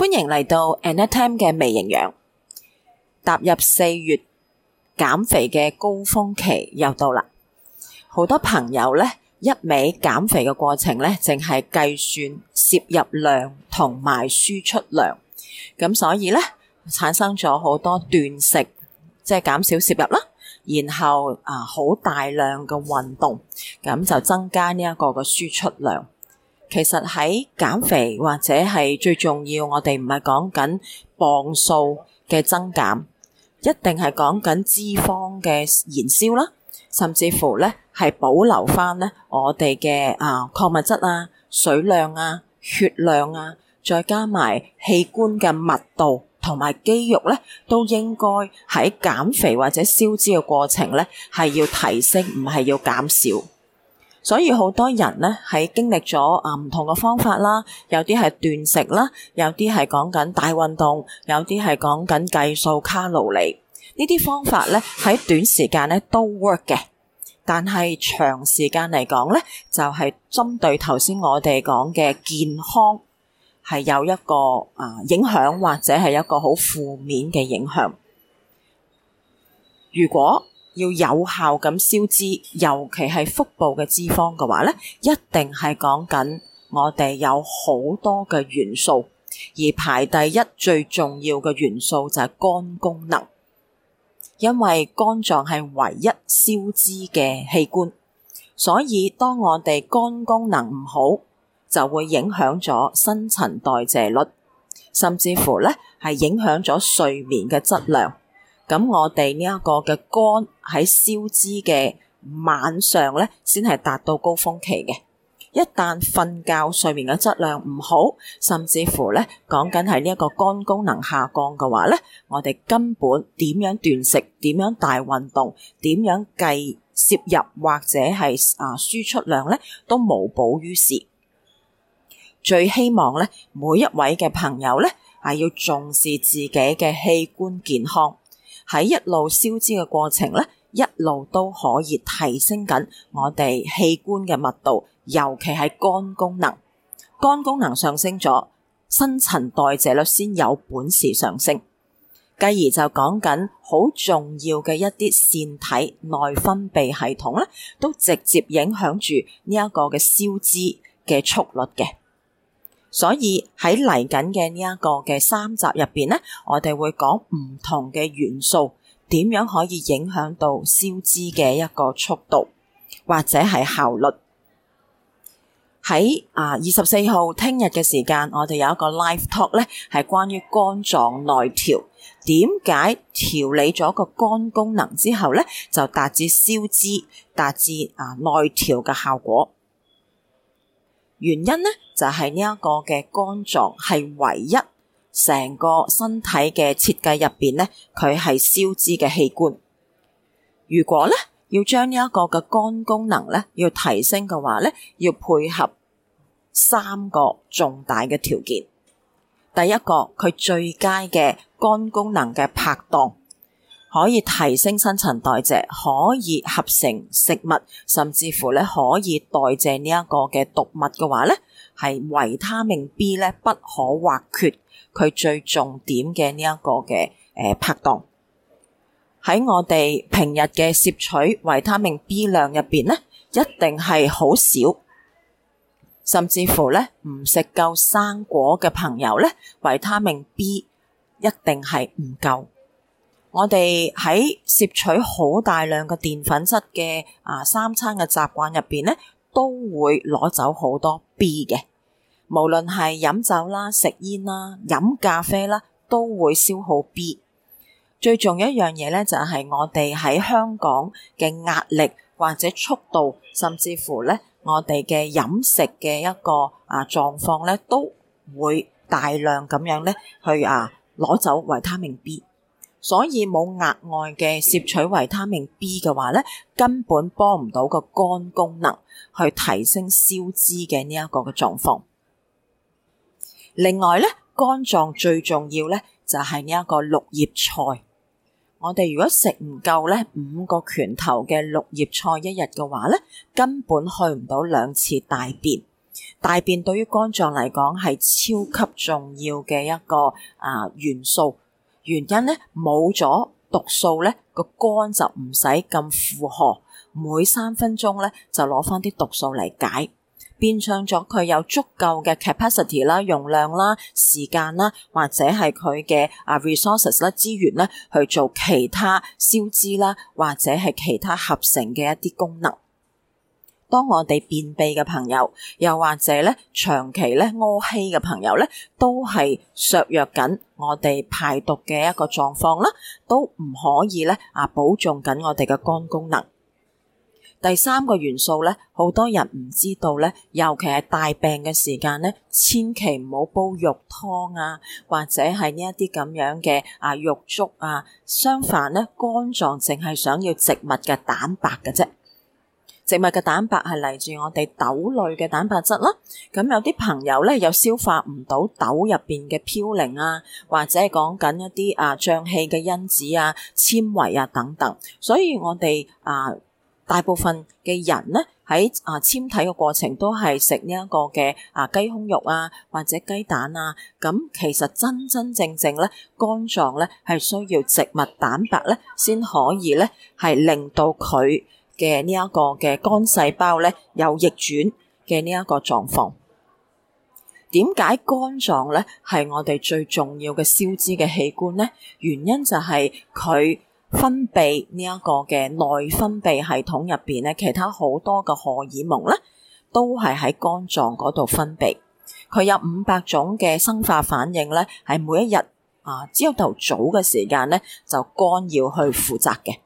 歡迎嚟到 Annette Tam 嘅微營養，踏入四月減肥嘅高峰期又到啦。好多朋友咧，一味減肥嘅過程咧，淨係計算攝入量同埋輸出量，咁所以咧產生咗好多斷食，即係減少攝入啦，然後啊好大量嘅運動，咁就增加呢一個嘅輸出量。其實喺減肥或者係最重要，我哋唔係講緊磅數嘅增減，一定係講緊脂肪嘅燃燒啦，甚至乎咧係保留翻咧我哋嘅，啊礦物質啊、水量啊、血量啊，再加埋器官嘅密度同埋肌肉咧，都應該喺減肥或者消脂嘅過程咧係要提升，唔係要減少。所以好多人咧喺經歷咗啊唔同嘅方法啦，有啲係斷食啦，有啲係講緊大運動，有啲係講緊計數卡路里。呢啲方法咧喺短時間咧都 work 嘅，但係長時間嚟講咧就係、是、針對頭先我哋講嘅健康係有一個啊影響，或者係一個好負面嘅影響。如果要有效咁消脂，尤其係腹部嘅脂肪嘅話呢，一定係講緊我哋有好多嘅元素，而排第一最重要嘅元素就係肝功能，因為肝臟係唯一消脂嘅器官，所以當我哋肝功能唔好，就會影響咗新陳代謝率，甚至乎呢係影響咗睡眠嘅質量。咁我哋呢一個嘅肝喺燒脂嘅晚上咧，先係達到高峰期嘅。一旦瞓覺睡眠嘅質量唔好，甚至乎咧講緊係呢一個肝功能下降嘅話咧，我哋根本點樣斷食，點樣大運動，點樣計攝入或者係啊輸出量咧，都無補於事。最希望咧，每一位嘅朋友咧係，要重視自己嘅器官健康。喺一路消脂嘅過程咧，一路都可以提升緊我哋器官嘅密度，尤其係肝功能。肝功能上升咗，新陳代謝率先有本事上升，繼而就講緊好重要嘅一啲腺體內分泌系統咧，都直接影響住呢一個嘅消脂嘅速率嘅。所以喺嚟緊嘅呢一個嘅三集入邊咧，我哋會講唔同嘅元素點樣可以影響到消脂嘅一個速度或者係效率。喺啊二十四號聽日嘅時間，我哋有一個 live talk 咧，係關於肝臟內調，點解調理咗個肝功能之後咧，就達至消脂達至啊內調嘅效果。原因呢，就係呢一個嘅肝臟係唯一成個身體嘅設計入邊呢，佢係消脂嘅器官。如果咧要將呢一個嘅肝功能咧要提升嘅話咧，要配合三個重大嘅條件。第一個，佢最佳嘅肝功能嘅拍檔。可以提升新陳代謝，可以合成食物，甚至乎咧可以代謝呢一個嘅毒物嘅話咧，係維他命 B 咧不可或缺，佢最重點嘅呢一個嘅誒拍檔。喺我哋平日嘅攝取維他命 B 量入邊咧，一定係好少，甚至乎咧唔食夠生果嘅朋友咧，維他命 B 一定係唔夠。我哋喺攝取好大量嘅澱粉質嘅啊三餐嘅習慣入邊咧，都會攞走好多 B 嘅。無論係飲酒啦、食煙啦、飲咖啡啦，都會消耗 B。最重要一樣嘢咧，就係我哋喺香港嘅壓力或者速度，甚至乎咧我哋嘅飲食嘅一個啊狀況咧，都會大量咁樣咧去啊攞走維他命 B。所以冇額外嘅攝取維他命 B 嘅話咧，根本幫唔到個肝功能去提升消脂嘅呢一個嘅狀況。另外咧，肝臟最重要咧就係呢一個綠葉菜。我哋如果食唔夠咧五個拳頭嘅綠葉菜一日嘅話咧，根本去唔到兩次大便。大便對於肝臟嚟講係超級重要嘅一個啊元素。原因咧冇咗毒素咧，個肝就唔使咁負荷，每三分鐘咧就攞返啲毒素嚟解，變相咗佢有足夠嘅 capacity 啦、容量啦、時間啦，或者係佢嘅啊 resources 啦資源咧去做其他消脂啦，或者係其他合成嘅一啲功能。當我哋便秘嘅朋友，又或者咧長期咧屙稀嘅朋友咧，都係削弱緊我哋排毒嘅一個狀況啦，都唔可以咧啊保重緊我哋嘅肝功能。第三個元素咧，好多人唔知道咧，尤其係大病嘅時間咧，千祈唔好煲肉湯啊，或者係呢一啲咁樣嘅啊肉粥啊，相反咧，肝臟淨係想要植物嘅蛋白嘅啫。植物嘅蛋白係嚟自我哋豆類嘅蛋白質啦，咁有啲朋友咧又消化唔到豆入邊嘅嘌呤啊，或者係講緊一啲啊脹氣嘅因子啊、纖維啊等等，所以我哋啊大部分嘅人咧喺啊纖體嘅過程都係食呢一個嘅啊雞胸肉啊或者雞蛋啊，咁其實真真正正咧肝臟咧係需要植物蛋白咧先可以咧係令到佢。嘅呢一個嘅肝細胞咧有逆轉嘅呢一個狀況，點解肝臟咧係我哋最重要嘅消脂嘅器官咧？原因就係佢分泌呢一個嘅內分泌系統入邊咧，其他好多嘅荷爾蒙咧，都係喺肝臟嗰度分泌。佢有五百種嘅生化反應咧，係每一日啊，朝頭早嘅時間咧就肝要去負責嘅。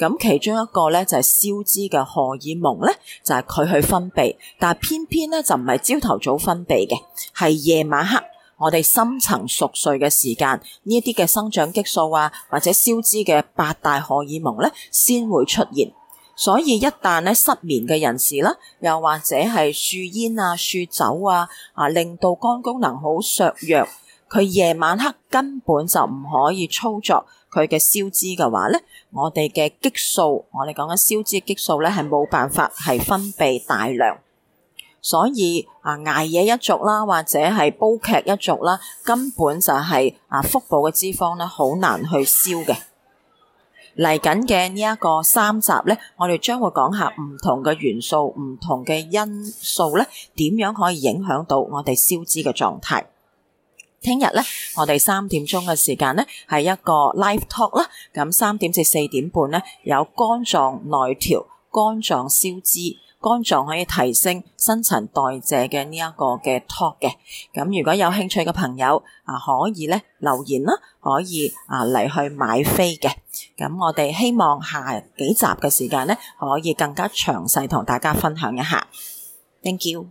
咁其中一個咧就係消脂嘅荷爾蒙咧，就係佢去分泌，但偏偏咧就唔係朝頭早分泌嘅，係夜晚黑我哋深層熟睡嘅時間，呢一啲嘅生長激素啊，或者消脂嘅八大荷爾蒙咧，先會出現。所以一旦咧失眠嘅人士啦，又或者係樹煙啊、樹酒啊，啊令到肝功能好削弱。佢夜晚黑根本就唔可以操作佢嘅消脂嘅，話咧，我哋嘅激素，我哋講緊消脂嘅激素咧，係冇辦法係分泌大量，所以啊捱夜一族啦，或者係煲劇一族啦，根本就係啊腹部嘅脂肪咧，好難去消嘅。嚟緊嘅呢一個三集咧，我哋將會講下唔同嘅元素、唔同嘅因素咧，點樣可以影響到我哋消脂嘅狀態。聽日咧，我哋三點鐘嘅時間咧，係一個 live talk 啦。咁三點至四點半咧，有肝臟內調、肝臟消脂、肝臟可以提升新陳代謝嘅呢一個嘅 talk 嘅。咁如果有興趣嘅朋友啊，可以咧留言啦，可以啊嚟去買飛嘅。咁我哋希望下幾集嘅時間咧，可以更加詳細同大家分享一下。Thank you。